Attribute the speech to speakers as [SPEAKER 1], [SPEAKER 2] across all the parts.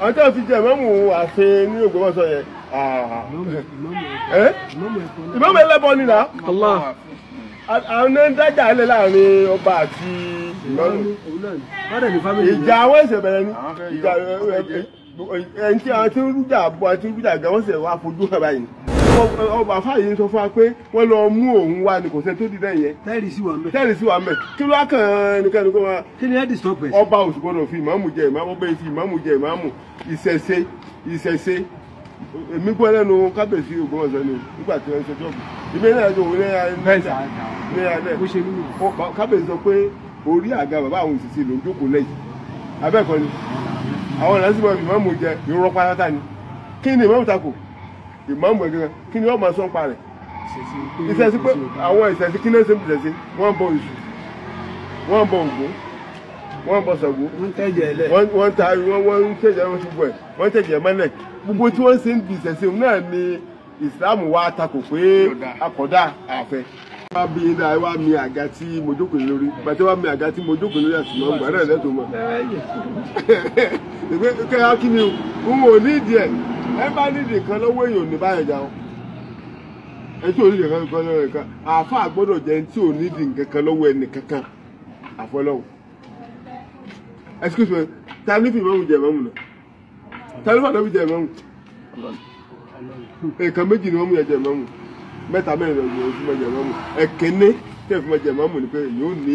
[SPEAKER 1] àwọn tó ti jẹ ìmọ̀mù àfin ní Ògbómọ̀ṣọ́ yẹn. ìmọ̀mù ẹlẹ́bọ nìlá. àwọn náà ń dájà ẹlẹ́ láàrin ọba àti ìmọ̀mù. ìjà àwọn ẹ̀sẹ̀ bẹ̀rẹ̀ ni ìjà ẹni tí àwọn tí ń rújà bọ̀ àti rújà gẹ̀ wọ́n sì wá fojú hàn báyìí ọba fàyè sọ fún wa pé wọ́n lọ mú òun wá ni kò sẹ́ni tó di dẹ́yìn yẹn. tẹ́rì sí wa mẹ́. tẹ́rì sí wa mẹ́. kí ló wá kàn án nìkan nìkan wa. kí ni ẹ́dì sọ pẹ̀. ọba òsì gbọdọ̀ fi ìmáàmù jẹ ìmáàmù bẹ́ẹ̀ fi ìmáàmù jẹ ìmáàmù ìṣẹ̀ṣe ìṣẹ̀ṣe èmi gbọ́ lẹ́nu kábíyèsí ògbómọ̀ṣọ́ ni nígbà tí wọ́n ń sọjọ́ bù ìgbé náà jọ òun náà kábíyèsí sọ pé orí àga bàbá àwọn òṣìṣẹ́ ló ń jókòó lẹ́yìn abẹ́ẹ̀kọ́ ni àwọn ìlànà sì máa fi ìmáàmù jẹ ìrọ́pá látà ni kí ni ìmáàmù takò ìmáàmù ẹ̀gẹ́gẹ́ kí ni wọ́n máa sọ nípa rẹ̀ ìṣẹ̀sí pé àwọn ìṣẹ̀sí kí ní ṣe ń ṣẹ̀sí wọ́n ń bọ Èṣù wọ́n ń bọ Ògún wọ́n ń bọ Ṣàngó wọ́n ń taari wọ́n ń tẹ̀jẹ̀ wọ́n ti bọ̀ ẹ̀ wọ́n ń tẹ̀jẹ̀ mẹ́lẹ̀ gbogbo tí wọ́n ń ṣe ń bi ìṣẹ̀sí náà ni ìsìláàmù wa takò pé akọ̀dá àfẹ́ wá bí iná wá mi àga tí mo jókòó lórí bàtẹ́ wá mi àga tí mo jókòó lórí àti màá gbàdúrà lẹ́tọ̀ọ́ mọ́ ẹ̀ẹ́dẹ̀ẹ́ kí ni n ò ní ìdí ẹ̀ e bá nídìí nǹkan lọ́wọ́ èèyàn ní báyìí jà ọ́ ẹ tí ò nídìí nǹkan kan tí lọ́wọ́ ẹnì kankan àfọlọ́wọ́ excuse me ta fi jẹ náà ta jẹ méjì ni mọ̀mù yẹn jẹ mẹ́ta mẹ́rin fi jẹ ẹ̀kẹ́ni tẹ̀ fi jẹ ni pé yóò ní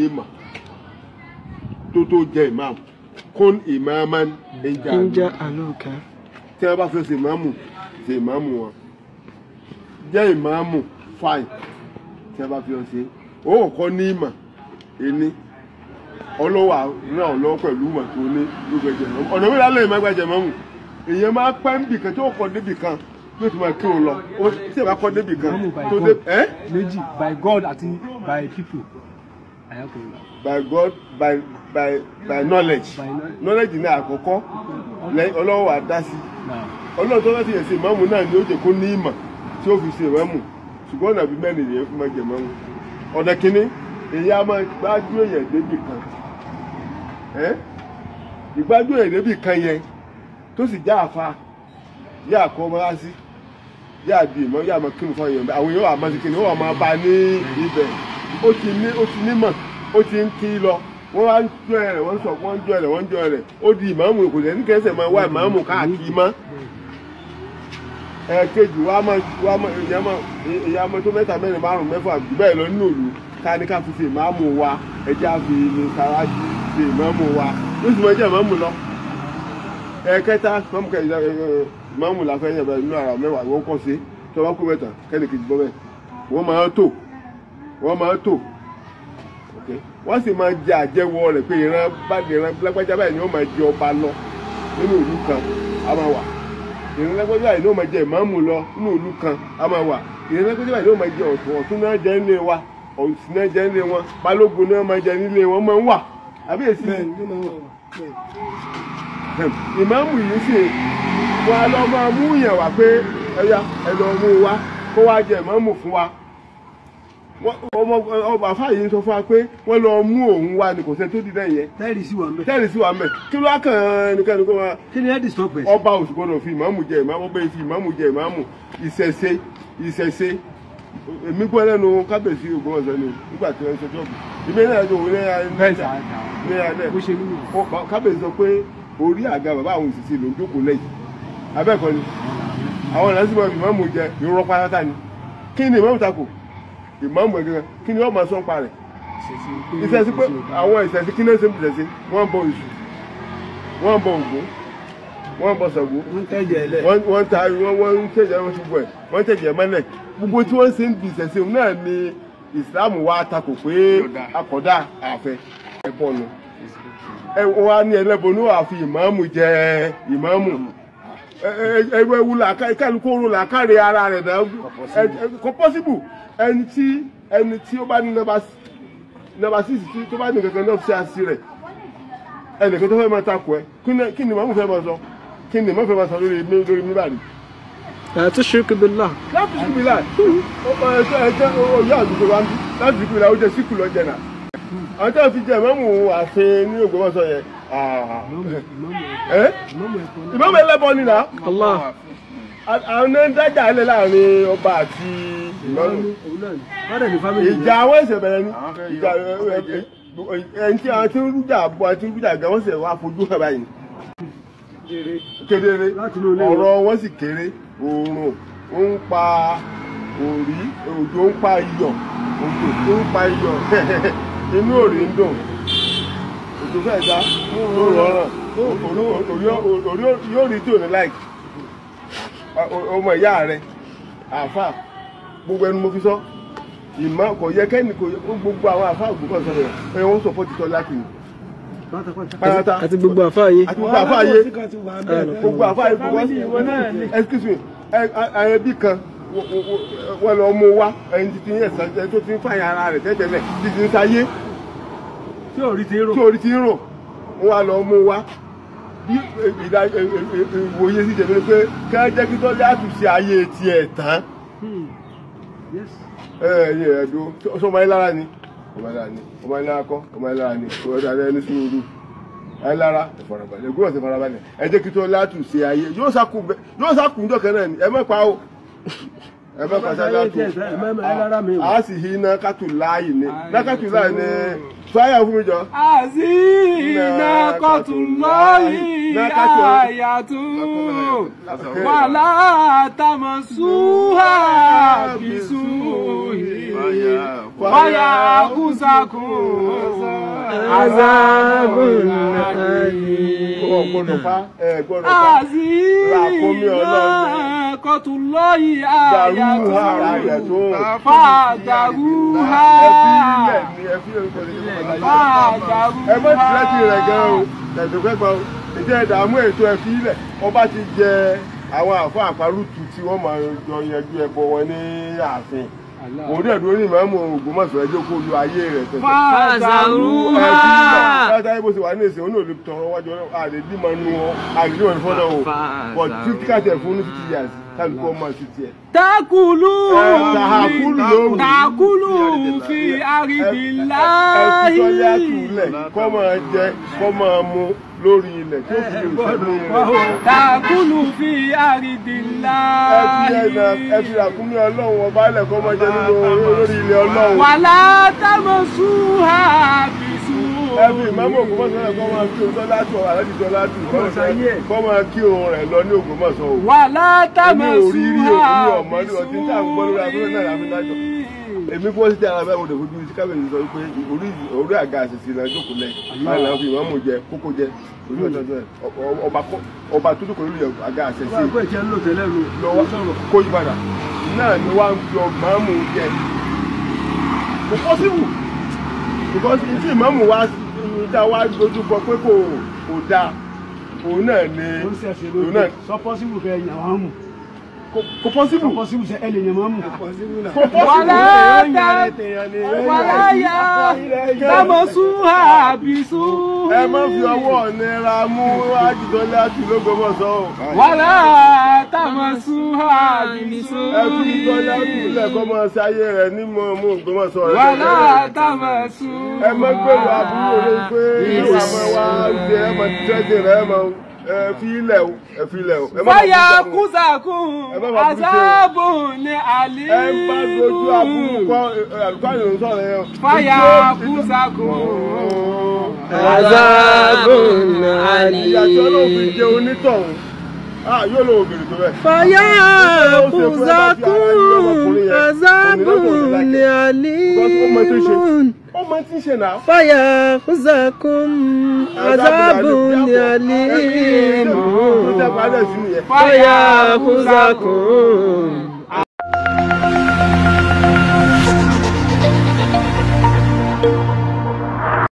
[SPEAKER 1] tó tó jẹ kún ń àlọ́ tí wọ́n bá fẹ́ ṣe ìmáàmù ṣe ìmáàmù wọn jẹ́ ìmáàmù fáì tí wọ́n bá fi ṣe ó kọ́ ní ìmọ̀ ẹni ọlọ́wà ràn ọ́ lọ́wọ́ pẹ̀lú ìmọ̀ tó ní gbẹgbẹjẹ mọ́mù ọ̀nà mìíràn lè má gbẹjẹ mọ́mù èèyàn máa pẹ́ níbì kan tí ó kọ́ níbì kan yóò ti máa kí òun lọ ó sì máa kọ́ níbì kan tó dé. méjì by God àti by people by God by by by knowledge knowledge ní akoko. Olowo wa dá sí ọlọ́run tó láti yẹn ṣe ìmáàmù náà ni ó jẹ́ kó ní ìmọ̀ tí ó fi ṣe ìmáàmù ṣùgbọ́n ọ̀nà bíi mẹ́rin yẹn fún mẹ́jẹ̀ mọ́mù ọ̀nà kínní èyí á máa gbájú èèyàn débì kan ìgbájú èèyàn débì kan yẹn tó sì já àfa yá àkọ́ ọmọ wá sí yá àbí ìmọ̀ yá àmọ́ fún àwọn èèyàn àwọn èèyàn wà máa ti kínní ó wà máa bá ní ibẹ̀ ó ti ní ó ti nímọ̀ ó ti ń kí lọ wọ́n wá ń jọ ẹ̀rẹ̀ wọ́n sọ wọ́n ń jọ ẹ̀rẹ̀ wọ́n ń jọ ẹ̀rẹ̀ ó di ìmáàmù kò lẹ́nu kẹsẹ̀ máa wá ìmáàmù káàkiri mọ́ ẹ̀ẹ́kejì wá máa wá máa ìyá máa ìyá máa tó mẹ́ta mẹ́rin márùn-ún mẹ́fà lọ nínú òlu ká ní ká fi ṣe ìmáàmù wa ẹja fi ní sara ṣe ìmáàmù wa ó sì máa jẹ́ ìmáàmù lọ ẹ̀ẹ́kẹta ìmáàmù kẹta ìmáàmù làfẹ́ yẹn bẹ́ẹ̀ nínú ara mẹ́wàá wọ́n kọ́ sí tọ́wọ́ kó mẹ́ta kẹ́lẹ́kejì bọ́ bẹ́ẹ̀ wọ́n máa tó wọ́n máa tò wọ́n sì máa jẹ àjẹwọ́ rẹ̀ pé ìran báyìí ìran lágbájá báyìí ni wọ́n máa jẹ ọba lọ nínú ìlú kan a máa wà ìran lágbájá báyìí ni wọ́n máa jẹ ìmáàmù lọ nínú ìlú kan a máa wà ìran lágbájá báyìí ni wọ́n máa jẹ ọ̀tún ọ̀tún náà jẹ́ nílé wa ọ̀tún náà jẹ́ nílé wọn balógun náà máa jẹ nílé wọn máa ń wà àbí èsì ìmáàmù yìí sì wọ́n á lọ máa mú ìyàn wá pé ẹ̀yà ẹ̀ lọ mú wa kó wá jẹ ìmáàmù fún wa ọmọ ọmọ àfáà yìí sọ fún wa pé wọ́n lọ mú òun wá ní kò sẹ́ni tó dìde yẹn. tẹ́rì sí wa mẹ́. tẹ́rì sí wa mẹ́ kí ló wá kàn án nìkan nìkan wa. kí ni ẹ dì sọ pẹ̀. ọba ò sì gbọdọ̀ fi ìmáàmù jẹ ìmáàmù bẹ́ẹ̀ fi ìmáàmù jẹ ìmáàmù ìṣẹ̀ṣe ìṣẹ̀ṣe èmi gbọ́ lẹ́nu kábíyèsí ògbómọ̀ṣọ́ ni nígbà tí wọ́n sọ jọ́ọ̀bù ìmí náà yóò wọlé ẹ̀ kábíyèsí sọ pé orí àga bàbá àwọn òṣìṣẹ́ ló ń jókòó lẹ́yìn abẹ́ẹ̀kọ́ ni àwọn ìlànà sí ìmọ̀ ìmọ̀ jẹ ìrọ́pá látà ni kí ni ìmọ̀ ìtakò ìmáàmù ẹ̀gẹ́gẹ́ kí ni wọ́n máa sọ ń pa rẹ̀ ìṣẹ̀sí pé àwọn ìṣẹ̀sí kí lẹ́sìn ìṣẹ̀sí wọ́n bọ ìṣù wọ́n bọ ògún wọ́n bọ Ṣàngó wọ́n ń taari wọ́n ń tẹ̀jẹ̀ wọ́n ṣubú ẹ̀ wọ́n ń tẹ̀jẹ̀ mẹ́lẹ̀ gbogbo tí wọ́n ń ṣe ń di ìṣẹ̀sí òun náà ni ìsìláàmù wa takò pé akọ̀dá àfẹ́ ẹ̀bọ̀nù ẹ̀ wọ́n á ní ẹlẹ́bọnú àfi ìmáàmù jẹ́ ìmáàmù ẹ̀rọ ewu kálukú oorun làákàrẹ̀ ara rẹ̀ náà kò pọ́síbù ẹni tí ẹni tí ó bá ní nọ́mbà six tó bá ní kankan náà ṣe àṣì rẹ̀ ẹnìkan tó fẹ́ máa takò ẹ kí ni màmú fẹ́ máa sọ kí ni màmú fẹ́ máa sọ lórí lórí mílíọ̀nù. láti ṣíkù bílà. láti ṣíkù bílà ẹ̀jẹ̀ ọ̀yọ́ àdúgbò wa láti ṣíkù bílà ó jẹ́ síkù lọ́jẹ̀ náà. àwọn tí wọ́n fi jẹ́ mọ́mú àfin ní Ògbómọ̀ṣọ́ yẹn ìmọ̀mù ẹlẹ́bọ ni nà àwọn ẹni dájà ẹlẹ́ láàrin ọba àti ìmọ̀mù ìjà àwọn ẹsẹ̀ bẹ̀rẹ̀ ni ẹni tí àwọn tí ń rújà bọ́ àti ń gan wọ́n sì wá fojú hàn báyìí kedere ọ̀rọ̀ wọn sì kéré oòrùn ó ń pa òrí òjò ń pa iyọ̀ òjò ń pa iyọ̀ inú òrí ń dùn tó fẹ́ dá tó rọrùn orí yóò rí tí ò ní láìkì ọmọ ìyá rẹ àáfà gbogbo ẹnu mo fi sọ ìmọ̀ kò yẹ kẹ́ni kò yẹ gbogbo àwọn àáfà ògbókọ̀ sọ̀rọ̀ ẹ wọ́n sọ fọ́ọ̀tì tọ́ láti yìí pátápátá àti gbogbo àáfà yé àti gbogbo àáfà yé gbogbo àáfà yé gbogbo excuse me àwọn ẹbí kan wọ́n lọ mú wa ẹni tó ti ń fàyà ara rẹ̀ tẹ́tẹ́lẹ̀ títí ń sáyé tí orí ti ń rò tí orí ti ń rò wọ́n wá lọ mú wa bí ìwòye sì jẹ́ pé ká jẹ́ kí tọ́lá àtúnṣe ayé tiẹ̀ tán ẹ̀yẹ hmm. ẹ̀dùn ọmọ yín lára ni ọmọ yín lára ni ọmọ yín lára kọ́ ọmọ yín lára ni ọmọ yín lára ni sùúrù ayé lára ìfarabalẹ̀ gbọ́dọ̀ sí ìfarabalẹ̀ ẹ jẹ́ kí tọ́lá àtúnṣe ayé yóò sàkùn jọ̀kẹ́ náà ni ẹ mọ̀ pa o ẹ̀mẹ́ pàṣẹ látò a sì hi iná kátó láàyè ni lákàtó láàyè ni sáyà fún mi jọ. àzí iná kọ́tù lọ́yìn àyàtú wàlá àtàmọ̀ súhà bìsú wáyà kùsàkùn àzàbùn àyè. àzí iná nàkọ́tù lọ́yìn àyàtọ̀ fàdàrúhà fàdàrúhà. ìjẹ́ ìdààmú ètò ẹ̀fí ilẹ̀ ọba ti jẹ àwọn àfọ àparùtù tí wọ́n máa jọ yanjú ẹbọ wọn ní ààfin òun ẹ̀dùn orí ìmọ̀ọ́mù Ògbómọ̀ṣọ́ ẹjọ́ kó lu ayé rẹ̀ tẹ̀tẹ̀. fàzàrú ha. látàrí bó ṣe wà ní ìsìn òun ò lè àlè dímọ̀ nu wọn àlè dímọ̀ nu fọ́nà o but fifty kàtẹ̀ fún ní fifty years kálukú ọmọ ti tiẹ̀. takulu takulu fi àrídìlá yìí. ẹtí jẹ kọ́ mu lórí ilẹ̀ tó fi ìṣẹ́nu rẹ̀. takulu fi àrídìlá yìí. ẹtí àkúnmí ọlọ́run ọba ilẹ̀ kọ́ jẹ lórí ilẹ̀ ọlọ́run. wàlá támọ̀ sùn ha ẹbí ìmọ̀mọ́ Ògbómọ̀ṣọ́ rẹ̀ kọ́ máa kí o tọ́lá tù ọ̀rọ̀ kọ́ máa kí o rẹ̀ lọ ní Ògbómọ̀ṣọ́ o. wà látàmọ̀ sí wa èmi kí ara bẹ́ẹ̀ mo lè fojú kábíyèsí sọ pé orí àga àṣìṣe náà jókòó lẹ̀ báyìí làwọn fi ìmọ̀mù jẹ kókó jẹ orí ọ̀tọ̀ọ̀tọ̀ ẹ̀ ọba tó dùkọ̀ lórí àga àṣìṣe lọ́wọ́ kó yí padà náà ni wá ń fi ọgbà mú jẹ kò pọ́sibù tá a wá dojú kọ pé kò kò dáa òun náà ni òun náà. sọ pọ́sibù kẹ́ ẹ̀yàn mú kò pọ́sibù kò pọ́sibù sẹ ẹ lè yàn máa mú kò pọ́sibù náà kò pọ́sibù wàlá tẹ wàlá yà dámọ̀ sún àbí sún. ẹ má fi ọwọ́ nira mú àjùdọ́lé àjùlógbòmọ̀ sọ. wàlá táwọn sún àbí sún. ẹ fi ìdọ́lé àjùlẹ̀ kọ́ mọ sáyé rẹ̀ ní mọ̀ mú Ògbómọ̀ṣọ́ rẹ̀. wàlá táwọn sún. ẹ má gbèrò àbúrò rẹ pé ìwà máa wá ń jẹ ẹ máa tẹ́jẹ̀ rẹ máa ẹ fi ilẹ̀ o ẹ o. bóyá kúsàkùn àzábùn ni àlìyù. ẹ bá dojú àbúrò kọ àlùkò àyàn sọ̀rọ̀ yẹn o. kúsàkùn àzábùn ni àlìyù. ìyàtọ̀ olóògùn jẹ́ onítọ̀hún yóò lò ògèrè fàyà kúsàkùn àzábùn ni àlìyù máa ti ṣe náà. fàyà kúzàkùn àzábùn àlímù. fàyà kúzàkùn.